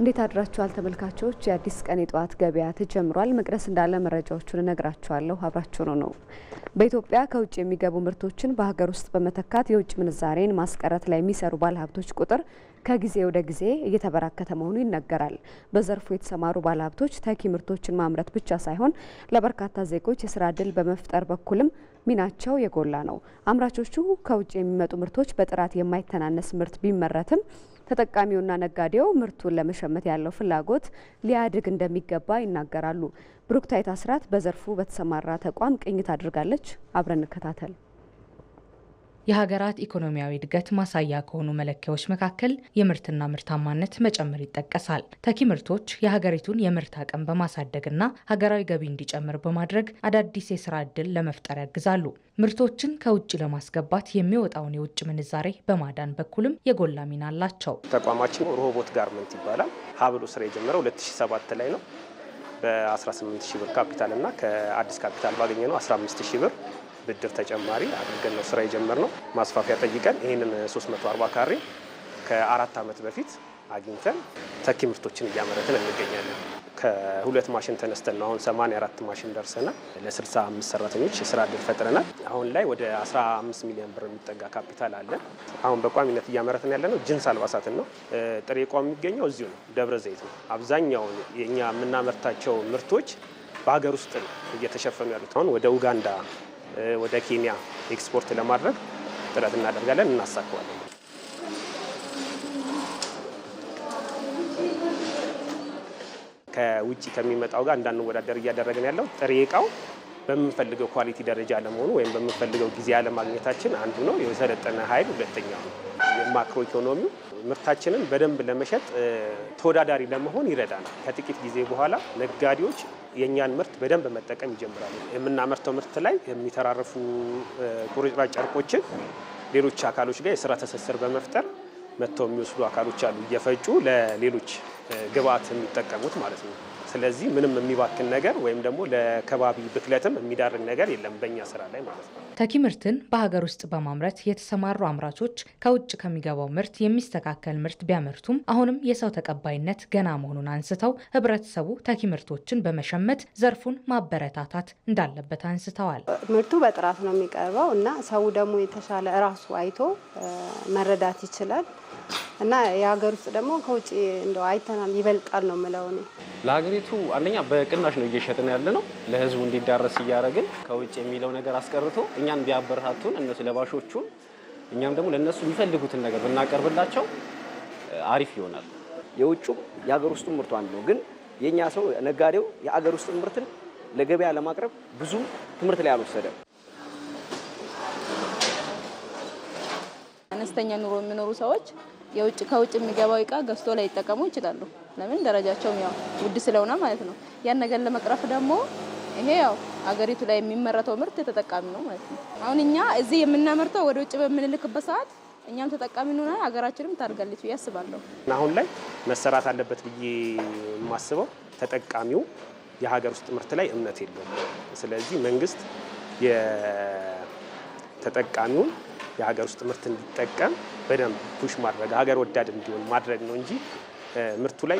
እንዴት አድራችኋል ተመልካቾች? የአዲስ ቀን የጠዋት ገበያ ተጀምሯል። መቅደስ እንዳለ መረጃዎቹን እነግራችኋለሁ። አብራችሁ ነው ነው በኢትዮጵያ ከውጭ የሚገቡ ምርቶችን በሀገር ውስጥ በመተካት የውጭ ምንዛሬን ማስቀረት ላይ የሚሰሩ ባለሀብቶች ቁጥር ከጊዜ ወደ ጊዜ እየተበራከተ መሆኑ ይነገራል። በዘርፉ የተሰማሩ ባለሀብቶች ተኪ ምርቶችን ማምረት ብቻ ሳይሆን ለበርካታ ዜጎች የስራ እድል በመፍጠር በኩልም ሚናቸው የጎላ ነው። አምራቾቹ ከውጭ የሚመጡ ምርቶች በጥራት የማይተናነስ ምርት ቢመረትም ተጠቃሚውና ነጋዴው ምርቱን ለመሸመት ያለው ፍላጎት ሊያድግ እንደሚገባ ይናገራሉ። ብሩክታይት አስራት በዘርፉ በተሰማራ ተቋም ቅኝት አድርጋለች። አብረን እንከታተል። የሀገራት ኢኮኖሚያዊ እድገት ማሳያ ከሆኑ መለኪያዎች መካከል የምርትና ምርታማነት መጨመር ይጠቀሳል። ተኪ ምርቶች የሀገሪቱን የምርት አቅም በማሳደግና ሀገራዊ ገቢ እንዲጨምር በማድረግ አዳዲስ የስራ ዕድል ለመፍጠር ያግዛሉ። ምርቶችን ከውጭ ለማስገባት የሚወጣውን የውጭ ምንዛሬ በማዳን በኩልም የጎላ ሚና አላቸው። ተቋማችን ሮቦት ጋርመንት ይባላል። ሀብሎ ስራ የጀመረው 2007 ላይ ነው። በ18 ሺ ብር ካፒታል እና ከአዲስ ካፒታል ባገኘ ነው 15 ሺ ብር ብድር ተጨማሪ አድርገን ነው ስራ የጀመርነው። ማስፋፊያ ጠይቀን ይህንን 340 ካሬ ከአራት ዓመት በፊት አግኝተን ተኪ ምርቶችን እያመረትን እንገኛለን። ከሁለት ማሽን ተነስተን ነው አሁን 84 ማሽን ደርሰናል። ለ65 ሰራተኞች የስራ እድል ፈጥረናል። አሁን ላይ ወደ 15 ሚሊዮን ብር የሚጠጋ ካፒታል አለን። አሁን በቋሚነት እያመረትን ያለ ነው ጅንስ አልባሳትን ነው። ጥሬ ዕቃው የሚገኘው እዚሁ ነው፣ ደብረ ዘይት ነው። አብዛኛውን የእኛ የምናመርታቸው ምርቶች በሀገር ውስጥ ነው እየተሸፈኑ ያሉት። አሁን ወደ ኡጋንዳ ወደ ኬንያ ኤክስፖርት ለማድረግ ጥረት እናደርጋለን፣ እናሳካዋለን። ከውጭ ከሚመጣው ጋር እንዳንወዳደር እያደረግን ያለው ጥሬ እቃው በምንፈልገው ኳሊቲ ደረጃ አለመሆኑ ወይም በምንፈልገው ጊዜ አለማግኘታችን አንዱ ነው። የሰለጠነ ኃይል ሁለተኛው ነው። የማክሮ ኢኮኖሚው ምርታችንን በደንብ ለመሸጥ ተወዳዳሪ ለመሆን ይረዳናል። ከጥቂት ጊዜ በኋላ ነጋዴዎች የእኛን ምርት በደንብ መጠቀም ይጀምራሉ። የምናመርተው ምርት ላይ የሚተራረፉ ቁርጥራጭ ጨርቆችን ሌሎች አካሎች ጋር የስራ ትስስር በመፍጠር መጥተው የሚወስዱ አካሎች አሉ፣ እየፈጩ ለሌሎች ግብአት የሚጠቀሙት ማለት ነው። ስለዚህ ምንም የሚባክን ነገር ወይም ደግሞ ለከባቢ ብክለትም የሚዳርግ ነገር የለም በእኛ ስራ ላይ ማለት ነው። ተኪ ምርትን በሀገር ውስጥ በማምረት የተሰማሩ አምራቾች ከውጭ ከሚገባው ምርት የሚስተካከል ምርት ቢያመርቱም አሁንም የሰው ተቀባይነት ገና መሆኑን አንስተው ህብረተሰቡ ተኪ ምርቶችን በመሸመት ዘርፉን ማበረታታት እንዳለበት አንስተዋል። ምርቱ በጥራት ነው የሚቀርበው እና ሰው ደግሞ የተሻለ ራሱ አይቶ መረዳት ይችላል። እና የሀገር ውስጥ ደግሞ ከውጭ እንደው አይተናል ይበልጣል ነው የምለው እኔ። ለሀገሪቱ አንደኛ በቅናሽ ነው እየሸጥን ያለ ነው ለህዝቡ እንዲዳረስ እያደረግን ከውጭ የሚለው ነገር አስቀርቶ እኛን ቢያበረታቱን እነሱ ለባሾቹን እኛም ደግሞ ለእነሱ የሚፈልጉትን ነገር ብናቀርብላቸው አሪፍ ይሆናል። የውጭም የሀገር ውስጡ ምርቱ አንድ ነው፣ ግን የእኛ ሰው ነጋዴው የሀገር ውስጥ ምርትን ለገበያ ለማቅረብ ብዙ ትምህርት ላይ አልወሰደም። አነስተኛ ኑሮ የሚኖሩ ሰዎች የውጭ ከውጭ የሚገባው እቃ ገዝቶ ላይ ይጠቀሙ ይችላሉ። ለምን ደረጃቸውም ያው ውድ ስለሆነ ማለት ነው። ያን ነገር ለመቅረፍ ደግሞ ይሄ ያው አገሪቱ ላይ የሚመረተው ምርት ተጠቃሚ ነው ማለት ነው። አሁን እኛ እዚህ የምናመርተው ወደ ውጭ በምንልክበት ሰዓት እኛም ተጠቃሚ ነው፣ ሀገራችንም ታድጋለች ብዬ አስባለሁ። አሁን ላይ መሰራት አለበት ብዬ የማስበው ተጠቃሚው የሀገር ውስጥ ምርት ላይ እምነት የለውም። ስለዚህ መንግስት የተጠቃሚውን የሀገር ውስጥ ምርት እንዲጠቀም በደንብ ፑሽ ማድረግ ሀገር ወዳድ እንዲሆን ማድረግ ነው እንጂ ምርቱ ላይ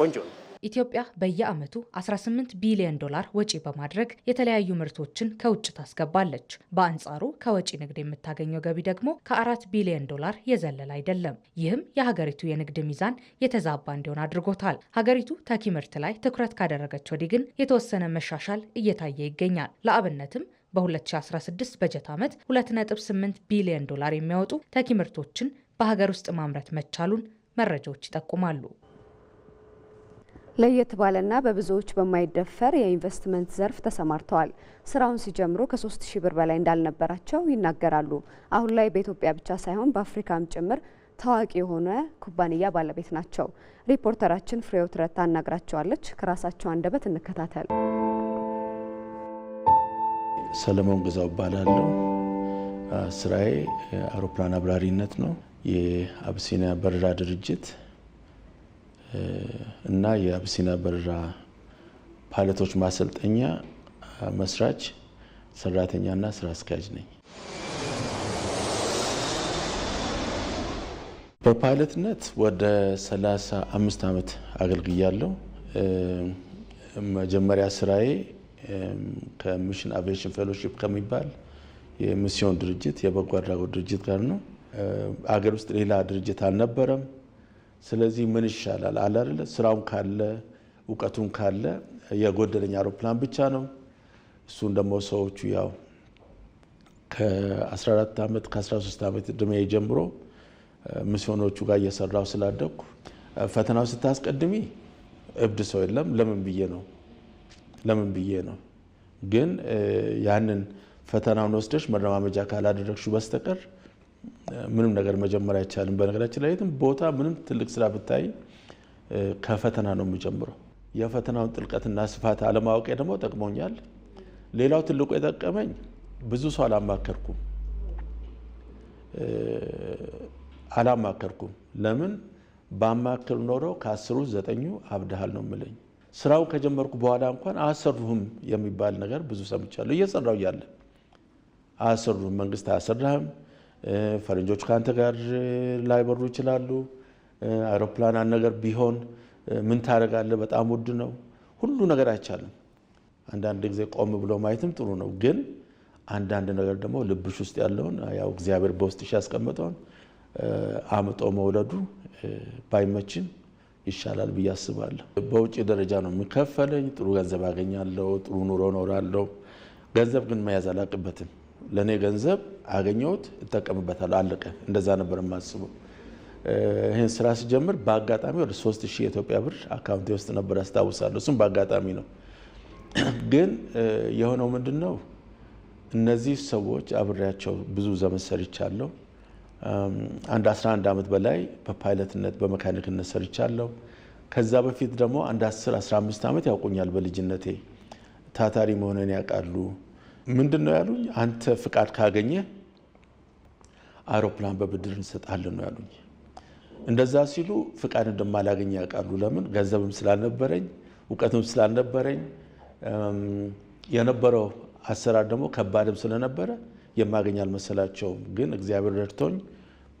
ቆንጆ ነው። ኢትዮጵያ በየዓመቱ 18 ቢሊዮን ዶላር ወጪ በማድረግ የተለያዩ ምርቶችን ከውጭ ታስገባለች። በአንጻሩ ከወጪ ንግድ የምታገኘው ገቢ ደግሞ ከ ከ4 ቢሊዮን ዶላር የዘለለ አይደለም። ይህም የሀገሪቱ የንግድ ሚዛን የተዛባ እንዲሆን አድርጎታል። ሀገሪቱ ተኪ ምርት ላይ ትኩረት ካደረገች ወዲህ ግን የተወሰነ መሻሻል እየታየ ይገኛል። ለአብነትም በ2016 በጀት ዓመት 2.8 ቢሊዮን ዶላር የሚያወጡ ተኪ ምርቶችን በሀገር ውስጥ ማምረት መቻሉን መረጃዎች ይጠቁማሉ። ለየት ባለና በብዙዎች በማይደፈር የኢንቨስትመንት ዘርፍ ተሰማርተዋል። ስራውን ሲጀምሩ ከሶስት ሺህ ብር በላይ እንዳልነበራቸው ይናገራሉ። አሁን ላይ በኢትዮጵያ ብቻ ሳይሆን በአፍሪካም ጭምር ታዋቂ የሆነ ኩባንያ ባለቤት ናቸው። ሪፖርተራችን ፍሬው ትረታ አናግራቸዋለች። ከራሳቸው አንደበት እንከታተል። ሰለሞን ግዛው እባላለሁ። ስራዬ አውሮፕላን አብራሪነት ነው። የአብሲኒያ በረራ ድርጅት እና የአብሲኒያ በረራ ፓይለቶች ማሰልጠኛ መስራች ሰራተኛና ስራ አስኪያጅ ነኝ። በፓይለትነት ወደ 35 ዓመት አገልግያለሁ። መጀመሪያ ስራዬ ከሚሽን አቬሽን ፌሎሺፕ ከሚባል የሚስዮን ድርጅት የበጎ አድራጎት ድርጅት ጋር ነው። አገር ውስጥ ሌላ ድርጅት አልነበረም። ስለዚህ ምን ይሻላል አለ አይደለ? ስራውም ካለ እውቀቱን ካለ የጎደለኝ አውሮፕላን ብቻ ነው። እሱን ደግሞ ሰዎቹ ያው ከ14 ዓመት ከ13 ዓመት እድሜ ጀምሮ ሚስዮኖቹ ጋር እየሰራው ስላደግኩ ፈተናው ስታስቀድሚ እብድ ሰው የለም ለምን ብዬ ነው ለምን ብዬ ነው። ግን ያንን ፈተናውን ወስደሽ መረማመጃ ካላደረግሽው በስተቀር ምንም ነገር መጀመር አይቻልም። በነገራችን ላይ የትም ቦታ ምንም ትልቅ ስራ ብታይ ከፈተና ነው የሚጀምረው። የፈተናውን ጥልቀትና ስፋት አለማወቅ ደግሞ ጠቅሞኛል። ሌላው ትልቁ የጠቀመኝ ብዙ ሰው አላማከርኩም አላማከርኩም። ለምን ባማክር ኖሮ ከአስሩ ዘጠኙ አብድሃል ነው የምለኝ። ስራው ከጀመርኩ በኋላ እንኳን አሰሩሁም የሚባል ነገር ብዙ ሰምቻለሁ። እየሰራው እያለ አያሰሩህም፣ መንግስት አያሰራህም፣ ፈረንጆች ከአንተ ጋር ላይበሩ ይችላሉ፣ አይሮፕላን አንድ ነገር ቢሆን ምን ታደርጋለህ? በጣም ውድ ነው፣ ሁሉ ነገር አይቻልም። አንዳንድ ጊዜ ቆም ብሎ ማየትም ጥሩ ነው። ግን አንዳንድ ነገር ደግሞ ልብሽ ውስጥ ያለውን ያው እግዚአብሔር በውስጥሽ ያስቀመጠውን አምጦ መውለዱ ባይመችን ይሻላል ብዬ አስባለሁ። በውጭ ደረጃ ነው የሚከፈለኝ። ጥሩ ገንዘብ አገኛለሁ፣ ጥሩ ኑሮ ኖራለሁ። ገንዘብ ግን መያዝ አላቅበትም። ለእኔ ገንዘብ አገኘሁት እጠቀምበታለሁ፣ አለቀ። እንደዛ ነበር የማስበው። ይህን ስራ ስጀምር በአጋጣሚ ወደ ሶስት ሺህ የኢትዮጵያ ብር አካውንቴ ውስጥ ነበር ያስታውሳለሁ። እሱም በአጋጣሚ ነው። ግን የሆነው ምንድን ነው እነዚህ ሰዎች አብሬያቸው ብዙ ዘመን ሰርቻለሁ። አንድ 11 ዓመት በላይ በፓይለትነት በመካኒክነት ሰርቻለሁ። ከዛ በፊት ደግሞ አንድ 10 15 ዓመት ያውቁኛል። በልጅነቴ ታታሪ መሆነን ያውቃሉ። ምንድን ነው ያሉኝ? አንተ ፍቃድ ካገኘ አውሮፕላን በብድር እንሰጣለን ነው ያሉኝ። እንደዛ ሲሉ ፍቃድ እንደማላገኝ ያውቃሉ። ለምን? ገንዘብም ስላልነበረኝ እውቀትም ስላልነበረኝ የነበረው አሰራር ደግሞ ከባድም ስለነበረ የማገኝ አልመሰላቸውም። ግን እግዚአብሔር ረድቶኝ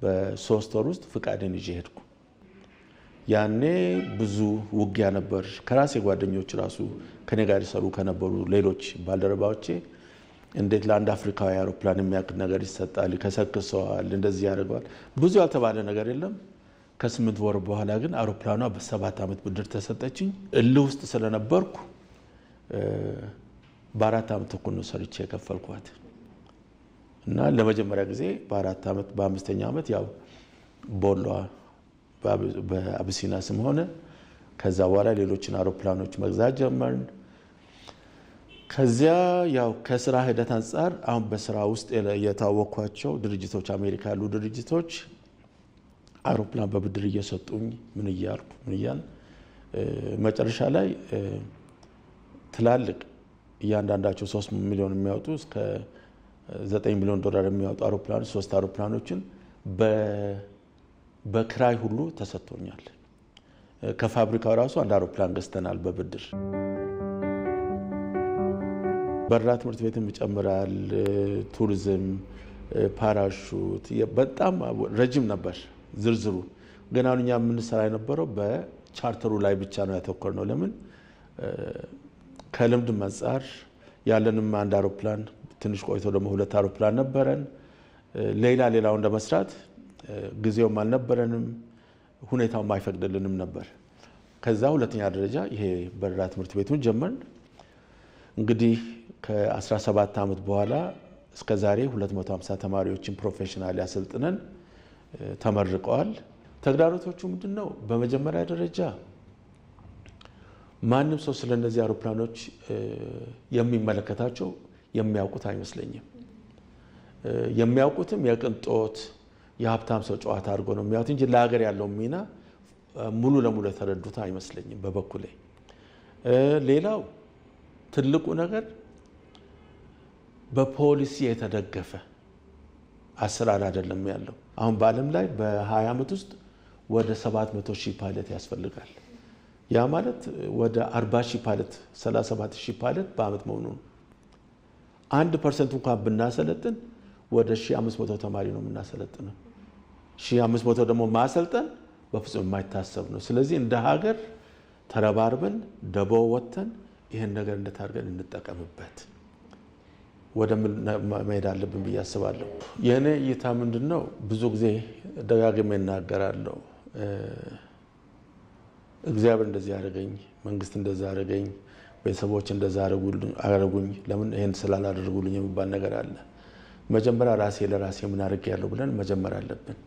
በሶስት ወር ውስጥ ፍቃድን ይዤ ሄድኩ። ያኔ ብዙ ውጊያ ነበር። ከራሴ ጓደኞች ራሱ ከኔ ጋር ይሰሩ ከነበሩ ሌሎች ባልደረባዎቼ እንዴት ለአንድ አፍሪካዊ አውሮፕላን የሚያክል ነገር ይሰጣል? ይከሰክሰዋል፣ እንደዚህ ያደርገዋል። ብዙ ያልተባለ ነገር የለም። ከስምንት ወር በኋላ ግን አውሮፕላኗ በሰባት ዓመት ብድር ተሰጠችኝ። እልህ ውስጥ ስለነበርኩ በአራት ዓመት ተኩል ነው ሰርቼ የከፈልኳት። እና ለመጀመሪያ ጊዜ በአራት ዓመት በአምስተኛ ዓመት ያው ቦሏ በአብሲና ስም ሆነ። ከዛ በኋላ ሌሎችን አውሮፕላኖች መግዛት ጀመርን። ከዚያ ያው ከስራ ሂደት አንጻር አሁን በስራ ውስጥ የታወኳቸው ድርጅቶች አሜሪካ ያሉ ድርጅቶች አውሮፕላን በብድር እየሰጡኝ ምን እያልኩ ምን እያል መጨረሻ ላይ ትላልቅ እያንዳንዳቸው ሶስት ሚሊዮን የሚያወጡ እስከ ዘጠኝ ሚሊዮን ዶላር የሚያወጡ አውሮፕላኖች ሶስት አውሮፕላኖችን በክራይ ሁሉ ተሰጥቶኛል። ከፋብሪካው ራሱ አንድ አውሮፕላን ገዝተናል በብድር። በረራ ትምህርት ቤትም ይጨምራል። ቱሪዝም፣ ፓራሹት በጣም ረጅም ነበር ዝርዝሩ። ግን አሁን እኛ የምንሰራ የነበረው በቻርተሩ ላይ ብቻ ነው ያተኮር ነው። ለምን ከልምድ አንጻር ያለንም አንድ አውሮፕላን ትንሽ ቆይቶ ደግሞ ሁለት አውሮፕላን ነበረን። ሌላ ሌላውን ለመስራት ጊዜውም አልነበረንም፣ ሁኔታውም አይፈቅድልንም ነበር። ከዛ ሁለተኛ ደረጃ ይሄ በረራ ትምህርት ቤቱን ጀመርን። እንግዲህ ከ17 ዓመት በኋላ እስከ ዛሬ 250 ተማሪዎችን ፕሮፌሽናል ያሰልጥነን ተመርቀዋል። ተግዳሮቶቹ ምንድን ነው? በመጀመሪያ ደረጃ ማንም ሰው ስለ እነዚህ አውሮፕላኖች የሚመለከታቸው የሚያውቁት አይመስለኝም። የሚያውቁትም የቅንጦት የሀብታም ሰው ጨዋታ አድርጎ ነው የሚያዩት እንጂ ለሀገር ያለው ሚና ሙሉ ለሙሉ የተረዱት አይመስለኝም በበኩሌ። ሌላው ትልቁ ነገር በፖሊሲ የተደገፈ አሰራር አይደለም ያለው። አሁን በዓለም ላይ በ20 ዓመት ውስጥ ወደ 700 ሺህ ፓይለት ያስፈልጋል። ያ ማለት ወደ 40 ሺህ ፓይለት 37 ሺህ ፓይለት በዓመት መሆኑ ነው። አንድ ፐርሰንት እንኳን ብናሰለጥን ወደ አምስት መቶ ተማሪ ነው የምናሰለጥነው። መቶ ደግሞ ማሰልጠን በፍጹም የማይታሰብ ነው። ስለዚህ እንደ ሀገር ተረባርበን ደቦ ወጥተን ይህን ነገር እንደታርገን እንጠቀምበት ወደ መሄድ አለብን ብዬ አስባለሁ። የእኔ እይታ ምንድን ነው? ብዙ ጊዜ ደጋግሜ እናገራለሁ። እግዚአብሔር እንደዚህ አደረገኝ፣ መንግስት እንደዚህ አደረገኝ ቤተሰቦች እንደዛ አረጉኝ፣ ለምን ይህን ስላላደርጉልኝ የሚባል ነገር አለ። መጀመሪያ ራሴ ለራሴ ምን ያለው ብለን መጀመር አለብን።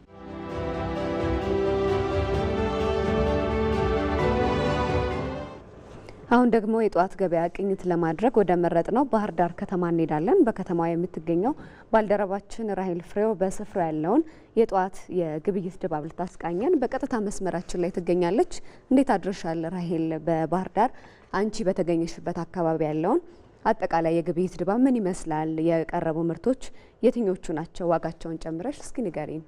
አሁን ደግሞ የጠዋት ገበያ ቅኝት ለማድረግ ወደ መረጥ ነው ባህር ዳር ከተማ እንሄዳለን። በከተማዋ የምትገኘው ባልደረባችን ራሄል ፍሬው በስፍራ ያለውን የጠዋት የግብይት ድባብ ልታስቃኘን በቀጥታ መስመራችን ላይ ትገኛለች። እንዴት አድረሻል ራሄል? በባህር ዳር አንቺ በተገኘሽበት አካባቢ ያለውን አጠቃላይ የግብይት ድባብ ምን ይመስላል? የቀረቡ ምርቶች የትኞቹ ናቸው? ዋጋቸውን ጨምረሽ እስኪ ንገሪን።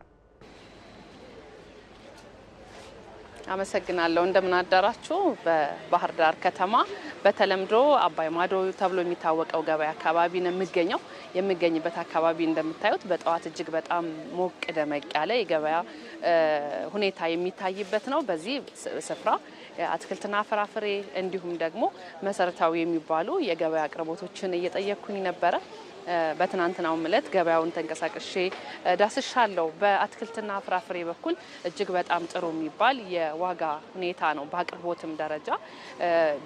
አመሰግናለሁ። እንደምን አዳራችሁ። በባህር ዳር ከተማ በተለምዶ አባይ ማዶ ተብሎ የሚታወቀው ገበያ አካባቢ ነው የምገኘው። የምገኝበት አካባቢ እንደምታዩት በጠዋት እጅግ በጣም ሞቅ ደመቅ ያለ የገበያ ሁኔታ የሚታይበት ነው። በዚህ ስፍራ አትክልትና ፍራፍሬ እንዲሁም ደግሞ መሰረታዊ የሚባሉ የገበያ አቅርቦቶችን እየጠየቅኩኝ ነበረ። በትናንትናው ምለት ገበያውን ተንቀሳቅሼ ዳስሻለሁ። በአትክልትና ፍራፍሬ በኩል እጅግ በጣም ጥሩ የሚባል የዋጋ ሁኔታ ነው። በአቅርቦትም ደረጃ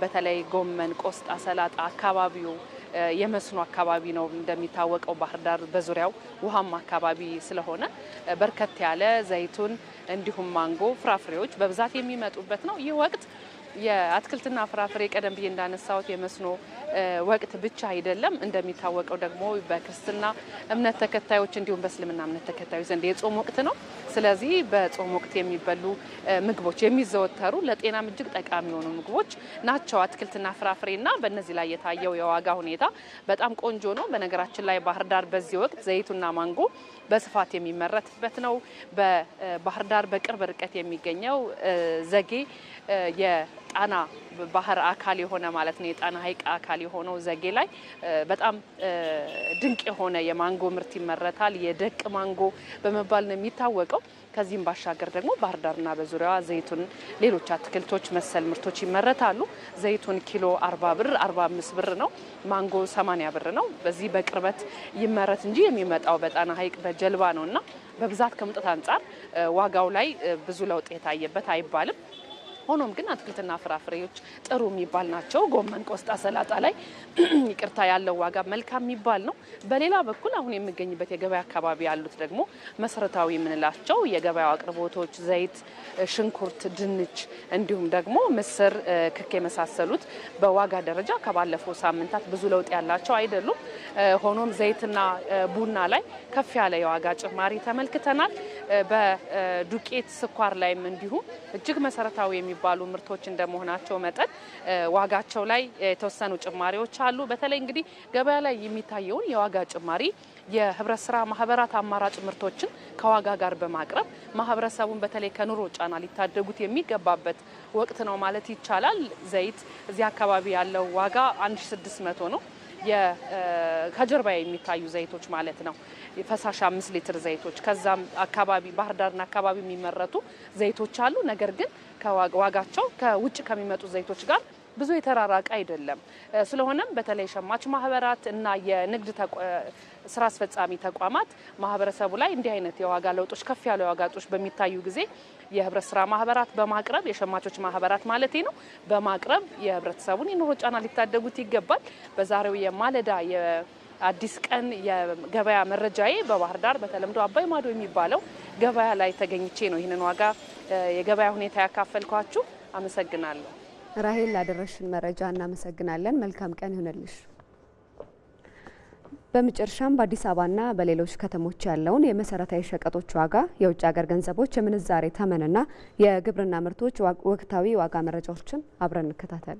በተለይ ጎመን፣ ቆስጣ፣ ሰላጣ አካባቢው የመስኖ አካባቢ ነው እንደሚታወቀው ባህር ዳር በዙሪያው ውሃማ አካባቢ ስለሆነ በርከት ያለ ዘይቱን እንዲሁም ማንጎ ፍራፍሬዎች በብዛት የሚመጡበት ነው ይህ ወቅት የአትክልትና ፍራፍሬ ቀደም ብዬ እንዳነሳሁት የመስኖ ወቅት ብቻ አይደለም። እንደሚታወቀው ደግሞ በክርስትና እምነት ተከታዮች እንዲሁም በእስልምና እምነት ተከታዮች ዘንድ የጾም ወቅት ነው። ስለዚህ በጾም ወቅት የሚበሉ ምግቦች የሚዘወተሩ ለጤናም እጅግ ጠቃሚ የሆኑ ምግቦች ናቸው አትክልትና ፍራፍሬና በእነዚህ ላይ የታየው የዋጋ ሁኔታ በጣም ቆንጆ ነው። በነገራችን ላይ ባህር ዳር በዚህ ወቅት ዘይቱና ማንጎ በስፋት የሚመረትበት ነው። በባህር ዳር በቅርብ ርቀት የሚገኘው ዘጌ የጣና ባህር አካል የሆነ ማለት ነው የጣና ሐይቅ አካል የሆነው ዘጌ ላይ በጣም ድንቅ የሆነ የማንጎ ምርት ይመረታል። የደቅ ማንጎ በመባል ነው የሚታወቀው። ከዚህም ባሻገር ደግሞ ባህር ዳርና በዙሪያዋ ዘይቱን፣ ሌሎች አትክልቶች መሰል ምርቶች ይመረታሉ። ዘይቱን ኪሎ 40 ብር 45 ብር ነው። ማንጎ 80 ብር ነው። በዚህ በቅርበት ይመረት እንጂ የሚመጣው በጣና ሐይቅ በጀልባ ነው እና በብዛት ከመምጣት አንጻር ዋጋው ላይ ብዙ ለውጥ የታየበት አይባልም። ሆኖም ግን አትክልትና ፍራፍሬዎች ጥሩ የሚባል ናቸው። ጎመን፣ ቆስጣ፣ ሰላጣ ላይ ይቅርታ ያለው ዋጋ መልካም የሚባል ነው። በሌላ በኩል አሁን የሚገኝበት የገበያ አካባቢ ያሉት ደግሞ መሰረታዊ የምንላቸው የገበያው አቅርቦቶች ዘይት፣ ሽንኩርት፣ ድንች እንዲሁም ደግሞ ምስር፣ ክክ የመሳሰሉት በዋጋ ደረጃ ከባለፈው ሳምንታት ብዙ ለውጥ ያላቸው አይደሉም። ሆኖም ዘይትና ቡና ላይ ከፍ ያለ የዋጋ ጭማሪ ተመልክተናል። በዱቄት ስኳር ላይም እንዲሁ እጅግ መሰረታዊ የሚባሉ ምርቶች እንደመሆናቸው መጠን ዋጋቸው ላይ የተወሰኑ ጭማሪዎች አሉ። በተለይ እንግዲህ ገበያ ላይ የሚታየውን የዋጋ ጭማሪ የህብረት ስራ ማህበራት አማራጭ ምርቶችን ከዋጋ ጋር በማቅረብ ማህበረሰቡን በተለይ ከኑሮ ጫና ሊታደጉት የሚገባበት ወቅት ነው ማለት ይቻላል። ዘይት እዚህ አካባቢ ያለው ዋጋ 1600 ነው። ከጀርባ የሚታዩ ዘይቶች ማለት ነው። ፈሳሽ አምስት ሊትር ዘይቶች ከዛም አካባቢ ባህርዳርና አካባቢ የሚመረቱ ዘይቶች አሉ። ነገር ግን ዋጋቸው ከውጭ ከሚመጡ ዘይቶች ጋር ብዙ የተራራቀ አይደለም። ስለሆነም በተለይ ሸማች ማህበራት እና የንግድ ስራ አስፈጻሚ ተቋማት ማህበረሰቡ ላይ እንዲህ አይነት የዋጋ ለውጦች ከፍ ያሉ የዋጋ ለውጦች በሚታዩ ጊዜ የህብረት ስራ ማህበራት በማቅረብ የሸማቾች ማህበራት ማለት ነው በማቅረብ የህብረተሰቡን የኑሮ ጫና ሊታደጉት ይገባል። በዛሬው የማለዳ የአዲስ ቀን የገበያ መረጃዬ በባህር ዳር በተለምዶ አባይ ማዶ የሚባለው ገበያ ላይ ተገኝቼ ነው ይህንን ዋጋ የገበያ ሁኔታ ያካፈልኳችሁ። አመሰግናለሁ። ራሄል ላደረሽን መረጃ እናመሰግናለን። መልካም ቀን ይሁንልሽ። በመጨረሻም በአዲስ አበባና በሌሎች ከተሞች ያለውን የመሰረታዊ ሸቀጦች ዋጋ፣ የውጭ ሀገር ገንዘቦች የምንዛሬ ተመንና የግብርና ምርቶች ወቅታዊ ዋጋ መረጃዎችን አብረን እንከታተል።